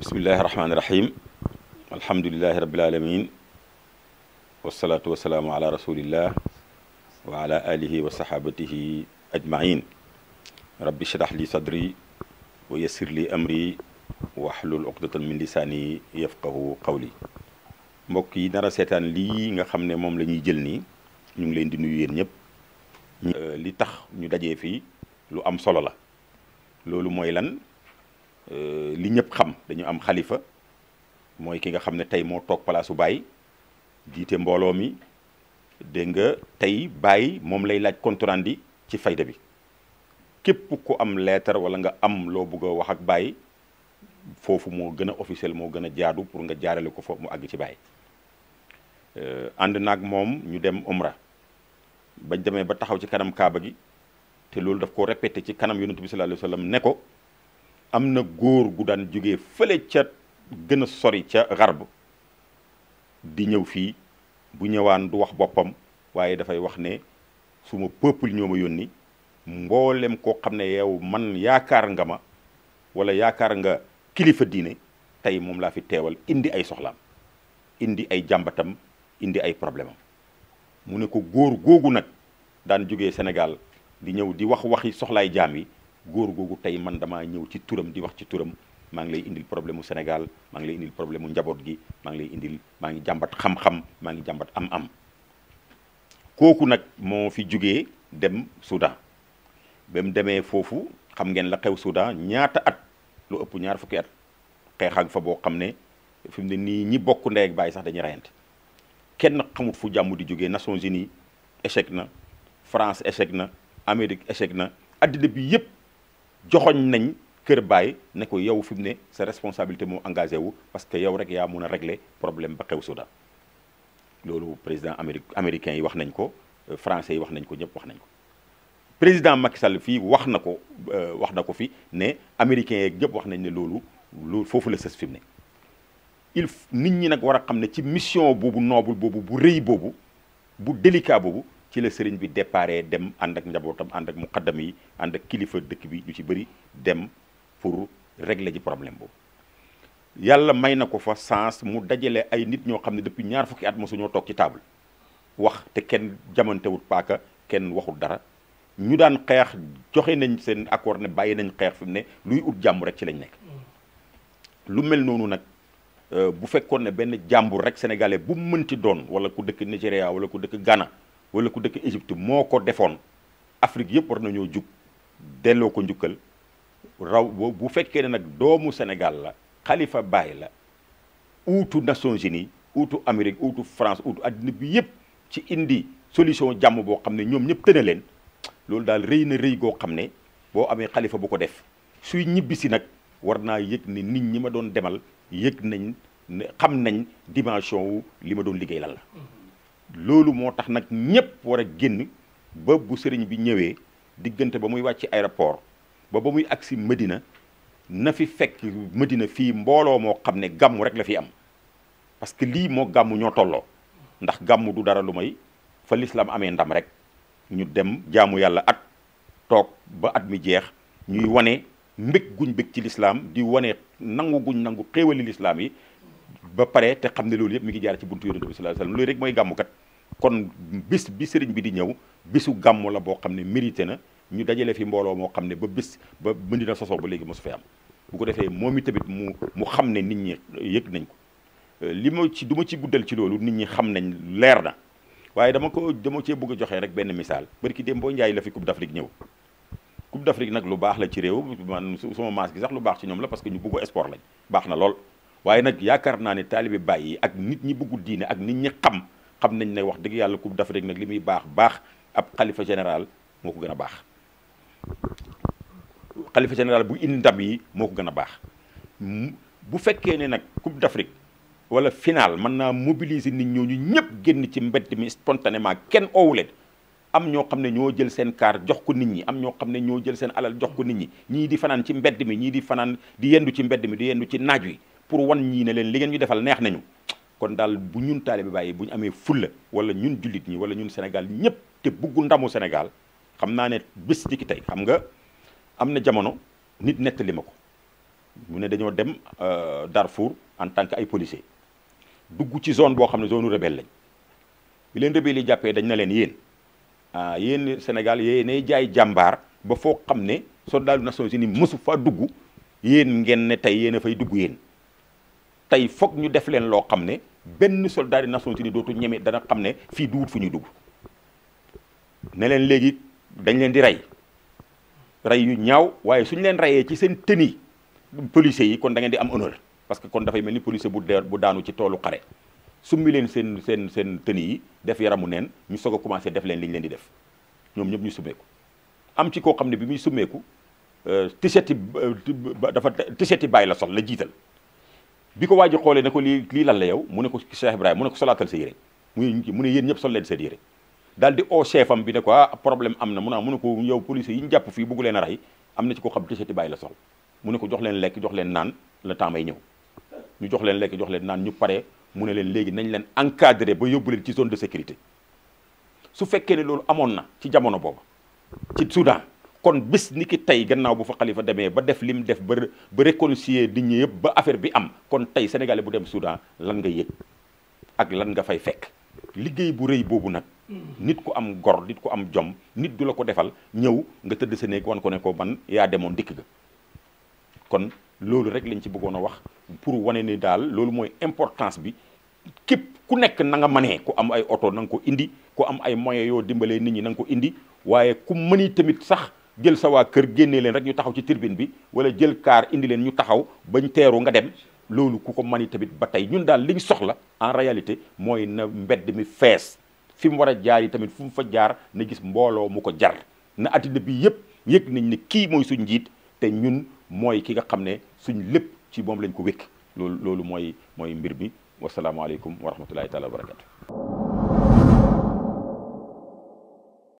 بسم الله الرحمن الرحيم الحمد لله رب العالمين والصلاة والسلام على رسول الله وعلى آله وصحابته أجمعين رب شرح لي صدري ويسر لي أمري وحلو عقدة من لساني يفقه قولي موكي نرى سيتان لي nga xamne mom lañuy jël ni ñu ngi leen di nuyu yeen ñep li tax Euh, li ñëpp xam dañu am xalifa mooy ki nga xam ne tey moo toog palaasu Baye jiite mbooloo mi dégg nga tey Baye moom lay laaj compte rendu ci fayda bi képp ko am leetar wala nga am loo bugg a wax ak Baye foofu moo gën a officiel moo gën a jaadu pour nga jaarale ko foofu mu àgg ci Baye euh, ànd naag moom ñu dem Umra bañ demee ba taxaw ci kanam Kaaba gi te loolu daf ko répété ci kanam yonent bi sallallahu alayhi wa sallam ne ko. am goor gu daan jógee fële ca gëna sori ca xarb di ñëw fi bu ñëwaan du wax boppam da fay wax ne suma peuple ñoma ma mbollem ko koo yow man yaakar nga ma wala yaakar nga kilifa diine tay mom la fi teewal indi ay soxlam indi ay jambatam indi ay problème mu ne ko goor gogu nak daan jógee Sénégal di ñëw di wax waxi soxlay jami góor googu tey man damaa ñëw ci turam di wax ci turam maa ngi lay indil problème mu Sénégal maa ngi lay indil mu njaboot gi maa ngi lay indil maa ngi jàmbat xam-xam maa ngi jàmbat am-am kooku nag moo fi jugee dem Soudan ba mu demee foofu xam ngeen la xew Soudan ñaata at lu ëpp ñaar fukki at xeexag fa boo xam ne fi mu ne nii ñi bokk ndey ak sax dañuy reyante kenn xamut fu jàmm di jógee Nations Unies échec na France échec na Amérique échec na addina bi yëpp. joxoñ nañ kër baay ne ko yow fi mu ne sa responsabilité moo engagé wu parce que yow rek yaa mun a régler problème ba xew souda. loolu président Amérique américain yi wax nañ ko euh, français yi wax nañ ko ñëpp wax nañ ko président Macky Sall fii wax na ko euh, wax na ko fi ne américain yeeg ñëpp wax nañ ne loolu loolu foofu la sës fi mu ne il nit ñi nag war a xam ne ci mission boobu noble boobu bu rëy boobu bu délicat boobu ci la sëriñ bi déparé dem ànd ak njabootam ànd ak muqaddam yi ànd kilifa dëkk bi ñu ci bari dem pour régler ji problème boobu. yàlla may na ko fa sens mu dajale ay nit ñoo xam ne depuis ñaar fukki at mosu ñoo toog ci table wax te kenn jamantewut paaka kenn waxul dara ñu daan xeex joxe nañ seen accord ne bàyyi nañ xeex fi mu ne luy ut jàmm rek ci lañ nekk. lu mel noonu nag euh, bu fekkoon ne benn jàmbur rek sénégalais bu mënti doon wala ku dëkk Nigéria ku dëkk Ghana. wala ku dëkk Égypte moo ko defoon Afrique yëpp war nañoo jug delloo ko njukkal raw bu fekkee ne nag doomu senegal la Khalifa bàyyi la uutu Nations Unies uutu amerique uutu France uutu àddina bi yëpp ci indi solution jàmm boo xam ne ñoom ñëpp tëna leen loolu daal rëy na rëy goo xam ne boo amee xalifa bu ko def suy ñibbisi nag war naa yëg ne nit ñi ma doon demal yëg nañ xam nañ dimension wu li ma doon liggéey lal la mm-hmm. loolu moo tax nag ñëpp war a génn ba bu sëriñ bi ñëwee diggante ba muy wàcc aéroport ba ba muy agsi Medina na fi fekk Medina fii mbooloo moo xam ne gàmmu rek la fi am parce que lii moo gàmmu ñoo tolloo ndax gàmmu du dara lu may fa lislaam amee ndam rek ñu dem jaamu yàlla at toog ba at mi jeex ñuy wane mbég guñ bég ci lislaam di wane nangu guñ nangu xéewali lislaam yi ba pare te xam ne loolu yëpp mi ngi jaar ci buntu yonent bi sallallahu alayhi wasallam loolu rek moy gàmmu kat kon bis bi sëriñ bi di ñew bisu gàmmu la bo xam mérité na ñu dajale fi mbolo mo xam ba bis ba mën na sosoo ba léegi mosu fee am bu ko defee momi i tamit mu mu xam nit ñi yek nañ ko euh, li ma ci duma ci guddal ci loolu nit ñi xam nañ leer na waaye dama ko dama ci bëgg a joxe rek ben misal barki dembo ndjay la fi Coupe d'Afrique ñew Coupe d'Afrique nak lu bax la ci réew man sama maas gi sax lu bax ci ñom la parce que ñu bëgg sport lañ baax na lool waaye nag yaakaar naa ne taalibe bàyyi ak nit ñi bëggu diine ak nit ñi xam xam nañ ne wax dëgg yàlla coupe d'Afrique nag li muy baax baax ab xalifa général moo ko gën a baax xalifa général bu indi ndam moo gën a baax bu fekkee ne nag coupe d'Afrique wala final mën naa mobiliser nit ñooñu ñëpp génn ci mbedd mi spontanément kenn oowu am ñoo xam ne ñoo jël seen kaar jox ko nit ñi am ñoo xam ne ñoo jël seen alal jox ko nit ñi ñii di fanaan ci mbedd mi ñii di fanaan di yendu ci mbedd mi di yendu ci naaj wi pour wan ñi ne leen li ngeen ñu defal neex nañu kon dal bu ñun taalibe Baay bu ñu amee fulla wala ñun julit ñi wala ñun Sénégal ñëpp té bëggu ndamu Sénégal xamna né ne dik tay xam nga amna jamono nit net ma ko mu né dañoo dem euh Darfour en tant que ay policier dugg ci zone bo xamné zone rebelle lañ bi leen rebelle li jappé dañ na leen yeen ah yeen Sénégal né jaay jambar ba fo xamné soldat du ni Unies mësu faa dugg yéen ngeen né tay yeen fay dugg yeen tey foog ñu def leen loo xam ne benn soldat des Nations Unies dootu ñeme dana xam ne fii duwut fu ñuy dugg ne leen léegi dañ leen di rey rey yu ñaaw waaye suñ leen reyee ci seen tenue policiers yi kon da ngeen di am honneur parce que kon dafay mel ni policier bu bu daanu ci toolu xare summi leen seen seen seen tenue yi def yaramu neen ñu soog a commencé def leen li ñu leen di def ñoom ñëpp ñu summeeku am ci koo xam ne bi muy summeeku euh, t-shirt yi euh, dafa t-shirt yi la sol la jiital bi ko waa ji xoolee ne ko lii lii lan la yow mu ne ko Cheikh Ibrahima mu ne ko solaatal sa yére mu ne yéen ñëpp sol leen seen yére daal di oo chef am bi ne ko ah problème am na mu ne ko yow police yi ñu jàpp fii bugg leen a rey am na ci ko xam tisati bàyyi la sol mu ne ko jox leen lekk jox leen naan le temps may ñëw ñu jox leen lekk jox leen naan ñu pare mu ne leen léegi nañ leen encadré ba yóbbu leen ci zone de sécurité su fekkee ne loolu amoon na ci jamono boobu ci Soudan kon bis ni tay gannaaw bu fa khalifa demé ba def lim def ba ba réconcilier nit ñi ba affaire bi am kon tay sénégalais bu dem Soudan lan nga yek ak lan nga fay fekk liggéey bu reuy bobu nak mm. nit ku am gor nit ku am jom nit dula ko defal ñew nga teud sa néeg wan ko ne ko man ya demone dik ga kon lolu rek lañ ci bëggono wax pour wane ni dal lolu moy importance bi kep ku nek na nga mané ku am ay auto nang indi, ko indi ku am ay moyens yo dimbalé nit ñi nang ko indi waye ku mëni tamit sax jël sa waa kër génnee leen rek ñu taxaw ci tirbine bi wala jël kaar indi leen ñu taxaw bañ teeru nga dem loolu ku ko mani tamit ba tey ñun daal liñ soxla en réalité mooy na mbedd mi fees fi mu war a jaar yi tamit fu mu fa jaar na gis mbooloo mu ko jar na addina bi yëpp yëg nañ ne kii mooy suñ njiit te ñun mooy ki nga xam ne suñ lépp ci moom lañ ko wékk loolu loolu mooy mooy mbir mi wasalaamaaleykum wa rahmatullahi taala wa barakatu